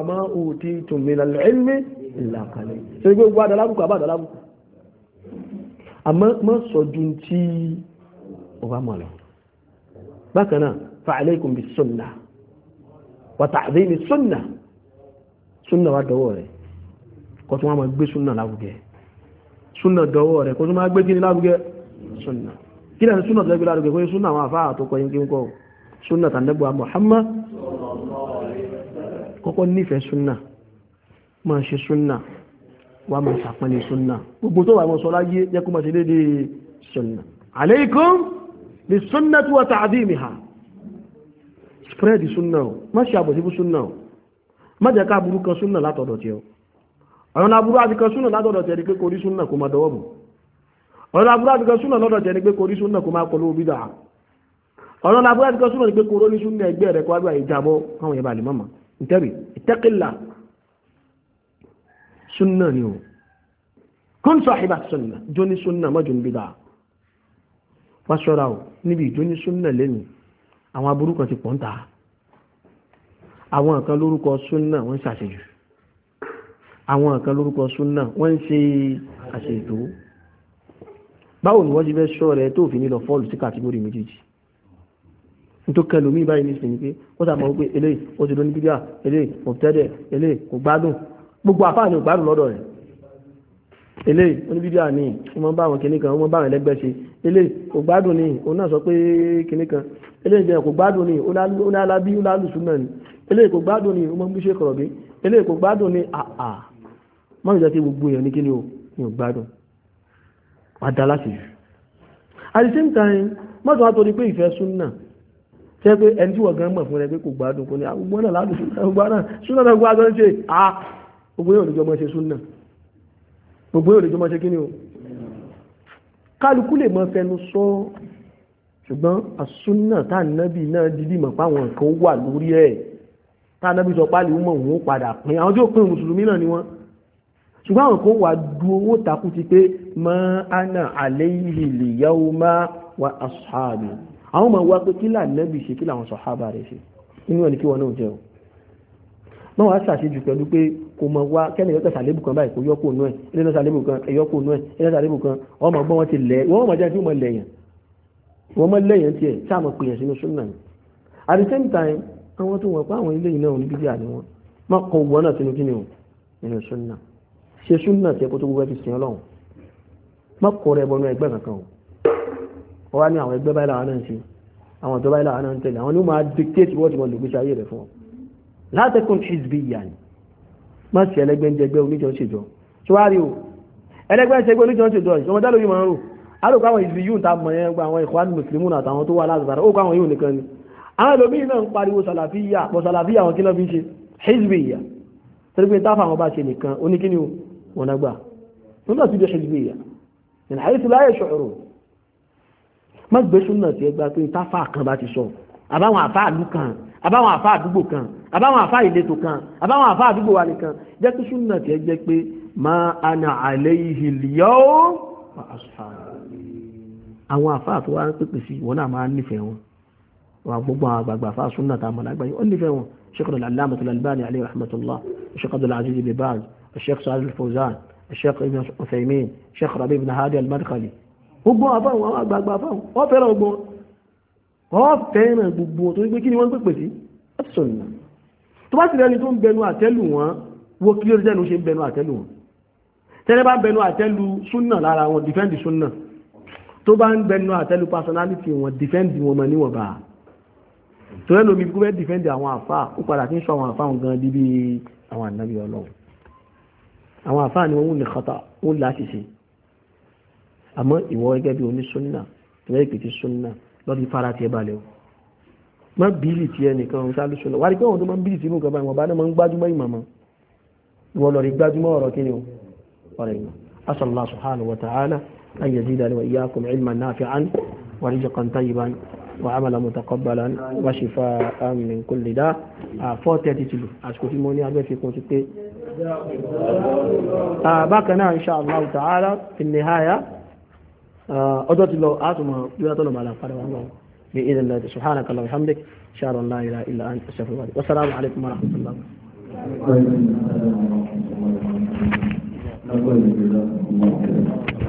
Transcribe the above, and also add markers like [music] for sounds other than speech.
ọmọ òtí tòmìnà lẹ́ẹ̀mí ìlàkàlẹ̀ ṣe gbé wá dalábùkù àbá dalábùkù àmọ́ mọ́ sọ́jú tí ó bá mọ̀ lọ bákan náà fa'alaykum bis sunnah wa ta'dhim bis sunnah súnà wá dọwọ́ rẹ̀ kó tún wá máa gbé súnà lárugẹ súnà dọwọ́ rẹ̀ kó tún máa gbé kíni lárugẹ súnà kí lẹ́nu súnà tó lẹ́gbẹ́ lárugẹ kó yẹ súnà àwọn àfáà tó kọyín kí ń kọ́ súnà tàǹdẹ́gbọ́ kọ́kọ́ nífẹ̀ẹ́ súnà máa ṣe súnà wà máa ṣàpẹ́lẹ̀ súnà gbogbo tó wà mọ́ sọ láyé jẹ́ kó máa ṣe dédé súnà alaykum bí súnà tó wà ta'dhimiha spread súnà o má ṣe àbọ̀ síbú súnà o má jẹ́ ká burú kan súnà látọ̀dọ̀ tiẹ̀ o ọ̀rọ̀ laburú àti kan súnà látọ̀dọ̀ tiẹ̀ ni pé kò rí súnà kó máa dọwọ́ bù ọ̀rọ̀ laburú àti kan súnà lọ́dọ̀ tiẹ̀ ni pé kò rí súnà kó máa kọlu bídà ọ̀rọ̀ la bóyá bíkọ́ súnmọ̀ ní pé kóró ní súnmọ̀ ẹgbẹ́ rẹ̀ kó wá ìjàbọ̀ káwọn yẹn bá lè mọ̀mọ̀ ìtẹ́rì ìtẹ́kìlà súnà ni o kún sahiba súnà jóní súnà mọ́jọ níbi dáa wá ṣọ́ra o níbi ìjóní súnà lẹ́nu àwọn aburú kan ti pọ̀ ń ta àwọn kan lórúkọ súnà wọ́n ń ṣàṣejù àwọn kan lórúkọ súnà wọ́n ń ṣe àṣejù báwo ni wọ́n ti fẹ́ ṣọ́ rẹ tó fi ní lọ fọ́ọ̀lù sí kàtígórì méjèèjì tó kẹlò mí báyìí nísìnyí pé ó sàmọ́ wípé eléyìí ó ti lóní bídíà eléyìí kò tẹ́lẹ̀ eléyìí kò gbádùn gbogbo àfáàní ò gbádùn lọ́dọ̀ rẹ̀ eléyìí oníbídíà ni ó bá àwọn kìnnì kan ó bá àwọn ẹlẹ́gbẹ́ ṣe eléyìí kò gbádùn ni òun náà sọ pé kìnnì kan eléyìí jẹ́ kò gbádùn ni ó ní alábí ó lálùsùn náà ni eléyìí kò gbádùn ni ó mọ́ bí ṣe kọ̀rọ̀ bí eléyìí kò gbádùn ni àà mọ́ ìjọ kí gbogbo èèyàn ní kí ni ò gbádùn wà dá láti jù at the same time mọ́tò wá torí pé ìfẹ́ sún tẹ́ pé ẹni tí wọ́n gan mọ̀ fún rẹ pé kò gbádùn kò ní agbọ́n ah, náà ládùn ṣùgbọ́n [laughs] náà ṣúná náà gbádùn ń ṣe à ah, gbogbo yóò lójọ́ mọ́ ṣe ṣúná gbogbo yóò lójọ́ mọ́ ṣe kí ni o kálukú lè mọ fẹnu sọ ṣùgbọ́n àṣúná tá nábì náà dídì mọ̀ páwọn nǹkan òun padà pín àwọn tí ó pín mùsùlùmí náà ni wọ́n ṣùgbọ́n àwọn kan wà du owó takú ti pé mọ́ ánà àléyìí lè má wa aṣáàbì àwọn ma wá pé kí là nẹ́bì ṣe kí làwọn sọ̀hábà rẹ̀ ṣe inú ẹni kí wọn náà jẹ́ o ma wá ṣàṣejù pẹ̀lú pé kò mọ̀ wá kẹ́ni yọ́tọ̀ sàlébù kan báyìí kò yọ́kù nú ẹ̀ ilé sàlébù kan ẹ̀yọ́kù nú ẹ̀ ilé sàlébù kan wọ́n mọ̀ gbọ́n wọn ti lẹ̀ wọ́n mọ̀ jẹ́ kí wọ́n lẹ̀yàn mọ̀ lẹ̀yàn at the same time àwọn tó wọ̀ pé àwọn ilé yìí náà ní bíbí àní wọn má kọ wọn náà sínú kíni o nínú súnà ṣe wọ́n wá ní àwọn ẹgbẹ́ báyìí làwọn náà ń ṣe àwọn ìjọba ìlànà náà ń tẹ̀lé àwọn ní máa dictate wọ́n ti wọ́n lògbé ṣayé rẹ̀ fún ọ látẹ̀kùn ṣìṣbí yàn má sí ẹlẹ́gbẹ́ jẹgbẹ́ oníjọ ṣèjọ ṣíwárí o ẹlẹ́gbẹ́ jẹgbẹ́ oníjọ ṣèjọ ìṣọmọ dálórí máa ń rò àròkọ àwọn ìṣbí yóò ta mọ̀ yẹn gba àwọn ìkwánu mùsùlùmù àtàwọn tó wà látàrà ó kọ àwọn yóò nìkan ni àwọn ẹlòmíì náà ń pariwo sàlàfíyà pọ̀ má gbé súnà tí ẹ gba pé táfà kan bá ti sọ àbáwọn àfà àlú kan àbáwọn àfà àdúgbò kan àbáwọn àfà ìletò kan àbáwọn àfà àdúgbò wa nìkan jẹ́ kí súnà tí ẹ jẹ́ pé ma ana alayhi al-yawm wa ashabi àwọn àfà àti wa ń pèpè sí wọn náà máa nífẹ̀ẹ́ wọn wọn gbogbo àwọn àgbààgbà àfà súnà tá a mọ̀ lágbàáyé ó nífẹ̀ẹ́ wọn sheikh al-allama al-albani gbogbo àfáwọn àwọn àgbààgbà àfáwọn wọ́n fẹ́ràn ọgbọ́n wọ́n fẹ́ràn gbogbo wọn torí pé kí ni wọ́n ń pèpè sí láti sọ nìyà tó bá sì rẹni tó ń bẹnu àtẹ́lù wọn wo kí lórí jẹ́nu ṣe ń bẹnu àtẹ́lù wọn tẹ́lẹ̀ bá ń bẹnu àtẹ́lù súnà lára wọn dìfẹ́ǹdì súnà tó bá ń bẹnu àtẹ́lù personality wọn dìfẹ́ǹdì wọn mọ̀ níwọ̀n bá tó rẹ́ lómi kó fẹ́ dìfẹ́ǹdì àwọn àfáà ó padà sí ń sọ àwọn àfáà gan bíbí àwọn ànábì ọlọ́run àwọn àfáà ni wọ́n ń lè kọ́ta ó láṣìṣe àmọ́ ìwọ gẹ́gẹ́ bí onísúnnà tẹ́lẹ̀ ìpìtì súnnà lọ fi fara tiẹ̀ balẹ̀ o má bíìlì tí ẹ nìkan ń sáré súnnà wárí pé wọn tó ma ń bíìlì tí nǹkan báyìí wọn bá ni máa ń gbájúmọ́ ìmọ̀mọ́ ìwọ lọ rí gbájúmọ́ ọ̀rọ̀ kí ni o ọ̀rọ̀ ìmọ̀ asàlá subhanahu wa ta'ala an yazidani wa iyyakum ilman nafi'an wa rizqan tayyiban wa amalan mutaqabbalan wa sì shifaa'an min kulli da' four thirty two àsìkò tí mo ní abẹ́ fi kún ti pé bákan náà insha ta'ala fi nihaya ọjọ́ ti lọ àtùmọ̀ yóò tọ́lọ̀ màlà padà wà lọ bí ìdè lọ ti sùhánà kàlọ́ ìhàmdík ṣàrọ̀ ńlá ìlà ìlà wasalaamu alaykum wa Thank you.